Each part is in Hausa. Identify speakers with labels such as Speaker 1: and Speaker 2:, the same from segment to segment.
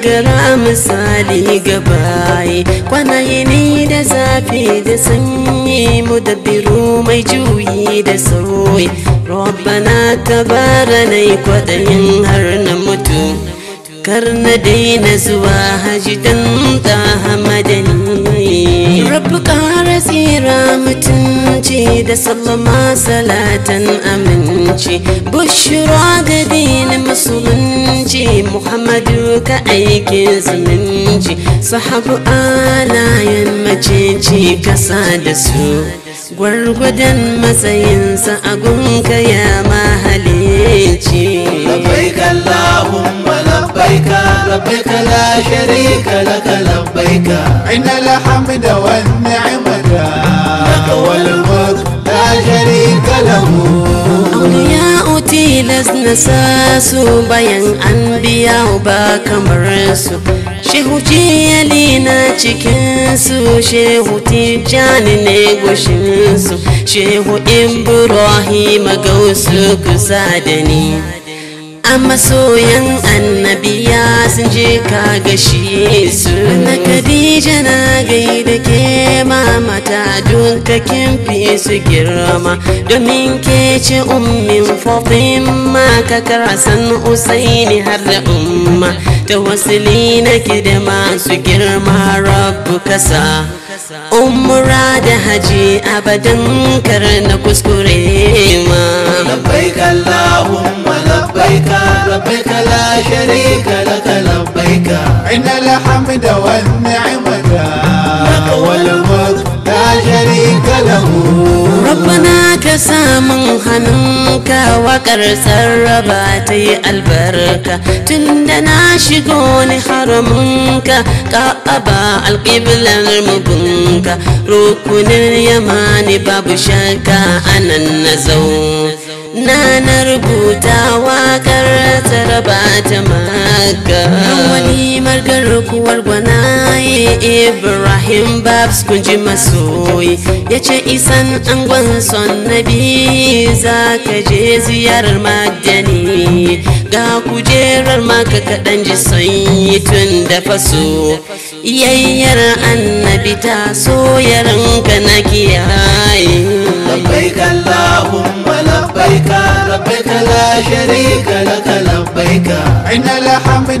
Speaker 1: gara misali gabaye kwanayini da zafi da sanyi mudabbiru mai juyi da sauyi rabbana tabaranai kwaɗayin har na mutu kar na daina zuwa hajji don ta hamadani basira mutunci da sallama salatan aminci bushra ga dinin musulunci muhammadu ka aikin zumunci sahabu alayen macici kasa da su gwargwadon matsayinsa a gunka ya mahalici labbaika la sharika laka labbaika tilas na nasa su bayan an biya ba kamar su shehu jiyali na cikin su shehu tijjani ne goshin su shehu ibrahim gausu kusa da ni a masoyan annabiya sun je ka gashi su na kadija na gaida ke mamata don ka fi su girma domin ke ce ummin fofin ma ka karasan usaini har da umma ta wasili na da masu girma rabu kasa umra da haji abadan kar na kuskure ma لبيك لا
Speaker 2: شريك لك لبيك إن الحمد والنعمة لك والملك
Speaker 1: لا شريك له rabbana ka samun hannunka wakar sarraba ta yi albarka tun da na shigo ni haramunka aba alƙiblar mugunka rukunin yamani babu shakka anan na na na rubuta wakar sarraba ta maka walimar garkuwar gwanaye ibrahim babs kunji masoyi ya ce isan an san son nabi za ka je ziyarar madani ga kujerar maka kaɗan ji sanyi tun da faso yayyar annabi ta so ranka na kiyaye labbaik allahumma labbaik labbaik la sharika ka labbaik
Speaker 2: inna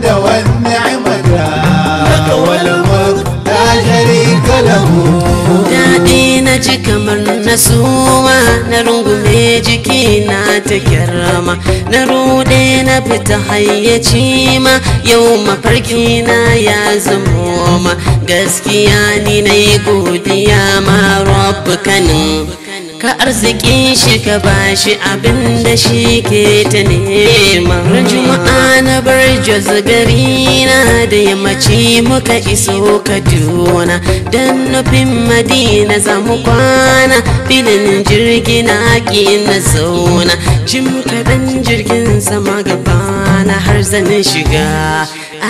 Speaker 2: da wannan.
Speaker 1: na suma na rungume jiki na ta kirama na rude na fita hayyaci ma yau mafarki na ya zamo ma gaskiya ni na yi godiya ma rabu kanin ka arziki shi ka bashi abin da shi ke ta nema juma'a na bar gari na da yammaci muka iso kaduna don nufin madina za mu kwana filin jirgi na ƙi na zauna jim kaɗan jirgin sama gaba na har zan shiga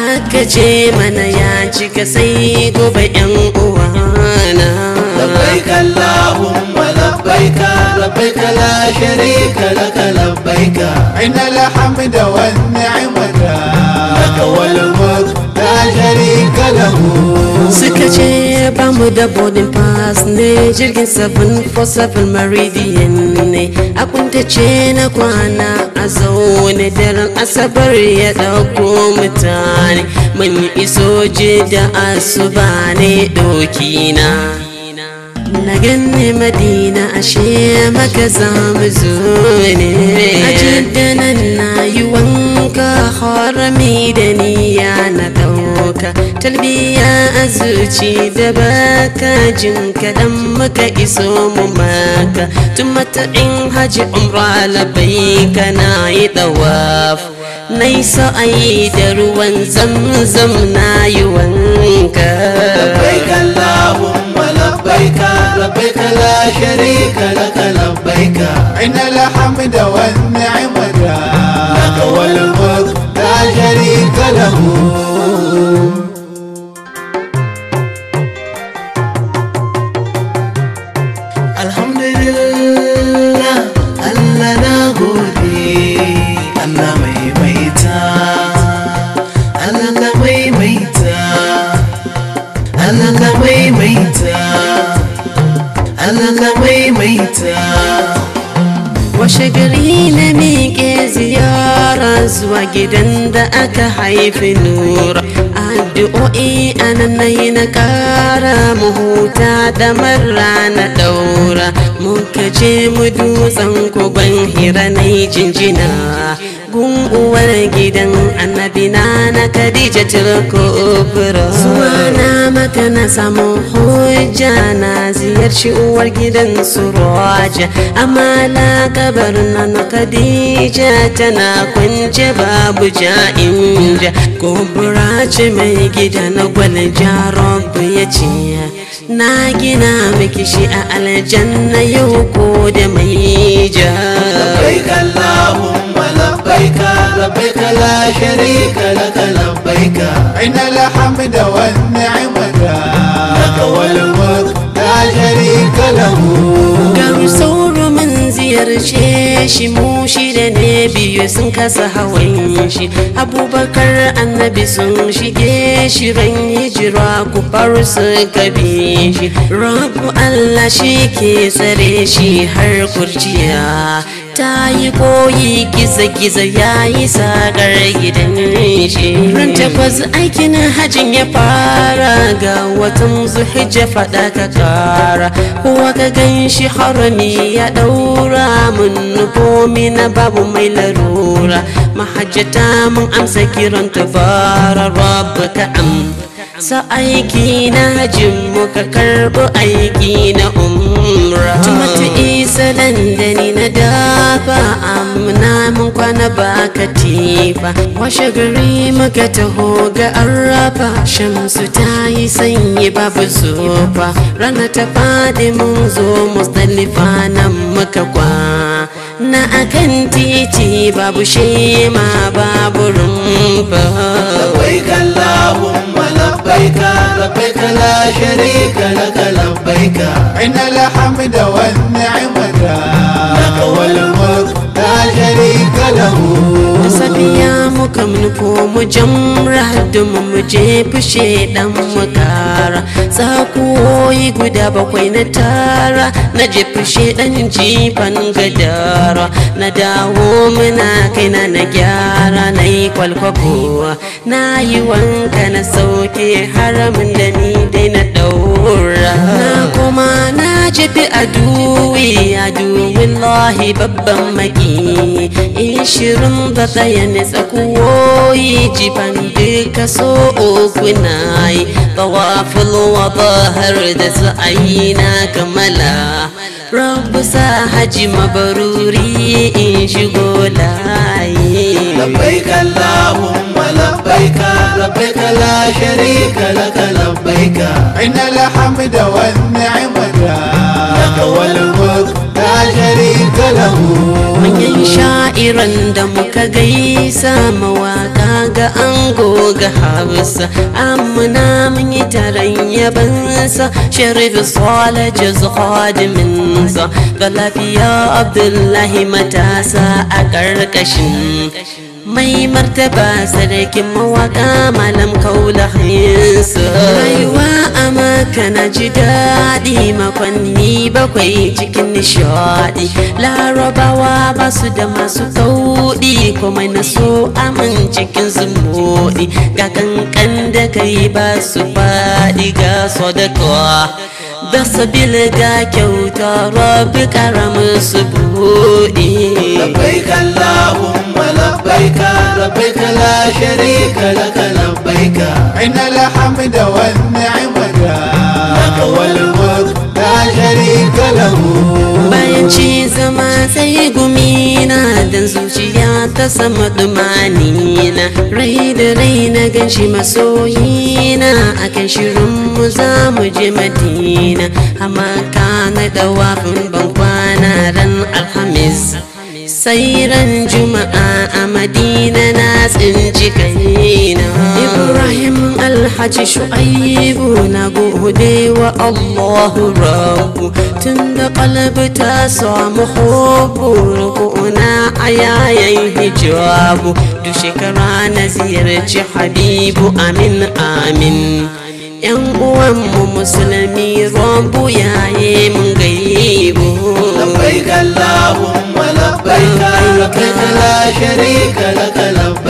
Speaker 1: aka ce mana ya cika sai gobe 'yan uwa
Speaker 2: إن الحمد والنعمة لك والملك
Speaker 1: لا شريك له suka ce ba da bodin pass ne jirgin 747 meridian ne a kunta ce na kwana a zaune daren asabar ya dauko mutane mun iso je da asuba ne dokina na ganni madina ashe maka zamu zo ne a jiddanan na yi wanka harami da niyya na ɗauka talbiya a zuci da baka jin kaɗan muka iso mu maka tun mata'in haji umra labai kana yi ɗawaf na yi da ruwan zamzam na yi wanka لبيك لبيك لا شريك لك لبيك
Speaker 2: إن الحمد والنعم لك والملك لا شريك له
Speaker 1: da aka haifi nura addu'o'i anan na kara mu huta da na daura mun kace mu dutsen hira na jinjina gunguwar gidan annabina na kadija Khadija turkubra zuwa na maka na samu hujja na ziyarci uwar gidan su roja amma la kabar na Khadija tana kwance babu ja'inja kubura ce mai gida na gwalja jaron ya ce na gina miki shi a aljanna yau ko da mai ja
Speaker 2: إن الحمد والنعمة لك
Speaker 1: والملك لا شريك له gamsoro mushi ziyarce shi da ne biyu sun kasa hawan shi abubakar annabi sun shige shi ran hijira ku faru su gabe shi rabu allah shi ke tsare shi har kurciya ta yi koyi giza-giza ya yi sakar gidan shi ran tabbas aikin hajin ya fara ga watan zuhijja fada ka kara kowa ka ganshi shi harami ya daura mun nufo na babu mai larura mahajjata mun amsa kiran fara rabu ka am sa aiki na hajin ka karɓi aiki na umma dan na dafa amna mun na ba tifa washe gari muka taho ga arrafa shamsu ta yi sanyi babu zufa rana ta fadi mun zo musdalifa nan muka kwa na akan titi babu shema babu rumfa labbaika labbaika la
Speaker 2: sharika laka عليك إن الحمد والنعمة لك
Speaker 1: والملك لا شريك له Safiya muka nufo mu jamra dum mu jefi shedan mu kara tsakuwoyi guda bakwai na tara na jefi shedan jifan gadara na dawo muna kaina na gyara na yi kwalkwako na yi wanka na sauke haramin da ni shafi aduwi aduwin lahi babban maki ishirin da ɗaya ne tsakuwoyi jifan duka so oguna yi tawaful wa bahar da su na kamala rabu sa haji mabaruri in shigo layi labbaik allahumma
Speaker 2: labbaik labbaik la sharika laka labbaik innal
Speaker 1: hamda wani Manyan sha'iran da muka gaisa mawaka ga ango ga hausa amina mun yi taron yabansa sharifu sola jazu hadiminsa ga lafiya abdullahi matasa a ƙarƙashin mai martaba sarkin mawaka malam kaula hayinsu rayuwa a maka na ji daɗi makonni bakwai cikin nishaɗi larabawa ba su da masu kauɗi kuma na so amin cikin zumuɗi ga kankan da kai ba su faɗi ga sadaka da sabil ga kyauta rabi karamin su buɗe لبيك لا
Speaker 2: شريك لك لبيك إن الحمد والنعم لك والملك
Speaker 1: لا شريك له bayan ci zama sai gumina dan zuciya ta sama dumanina rai da rai na ganshi masoyina akan shirin mu za mu je madina amma kana da wafin ban kwana ran alhamis sai ran juma'a a madina tsinci kaina Ibrahim alhaji shu'aibu na gode wa Allah rabu tun da kalbi ta samu hubur na a yayin hijabu duk shekara na ziyarci habibu amin amin yan uwanmu musulmi rombu yi mun gaibu labbaik allahumma labbaik laka la sharika laka labbaik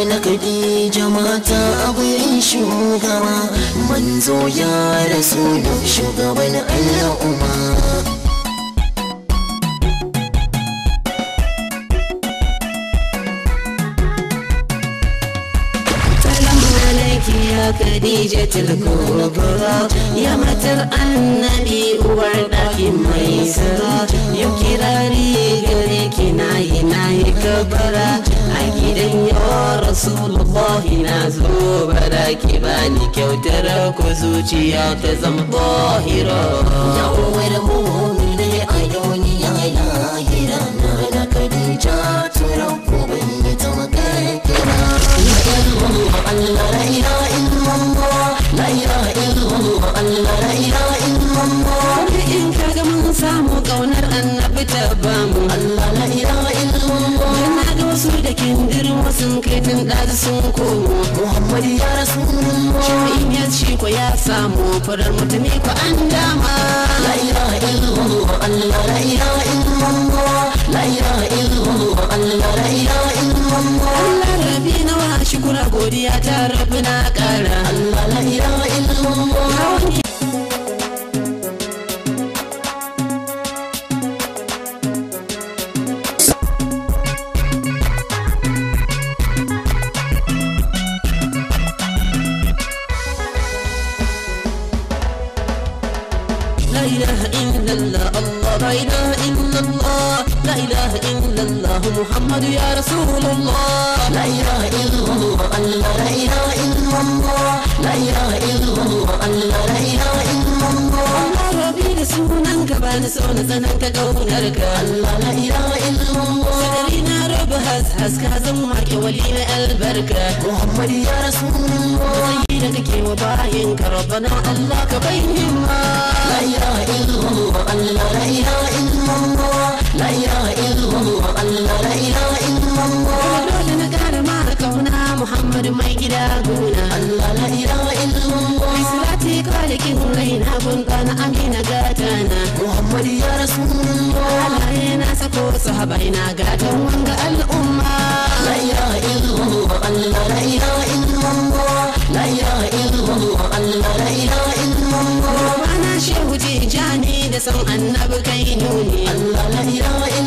Speaker 2: na kadija mata
Speaker 1: a shugaba manzo ya rasu shugaban al'umma Khadija tulkubra ya matar annabi uwar ɗakin mai sara yau kirari gare kabara gidan ya rasulullah na zo bara ki bani kyautar ku zuciya ta zama bahira ya uwar mu ne a duniya lahira na da kadija
Speaker 2: turan ku bin ta makarkira idan Allah Allah la
Speaker 1: ilaha illallah la ilaha illallah Allah la ilaha illallah in kaga mun samu kaunar annabi ta ba na sun koro muhammadu ya rasu in ya ci ko ya samu farar mutumi ko an dama la ilaha illallah allah la ilaha illallah la ilaha illallah allah la ilaha illallah allah rabbi na wa shukura godiya ta rabu na kara allah la ilaha illallah Allah la ilaha illallah Allah rabi da nan ka ba ni so na sanan ka kaunar ka Allah la ilaha illallah sadari na raba has has ka zan wake wali na albarka Muhammad ya rasulullah sai da kake wa bayin ka rabbana Allah ka bayyin ma la ilaha illallah Allah la ilaha illallah la ilaha illallah Allah la ilaha Muhammadu mai gida gona Allah la ilaha illallah Islati kalikin raina gunka na amina gatana Muhammadu ya rasulullah Allah na sako sahabai na gatan wanga al'umma La ilaha illallah Allah la ilaha illallah La ilaha illallah Allah la ilaha illallah Mana shehu jijani da san annabi kai nuni Allah la ilaha illallah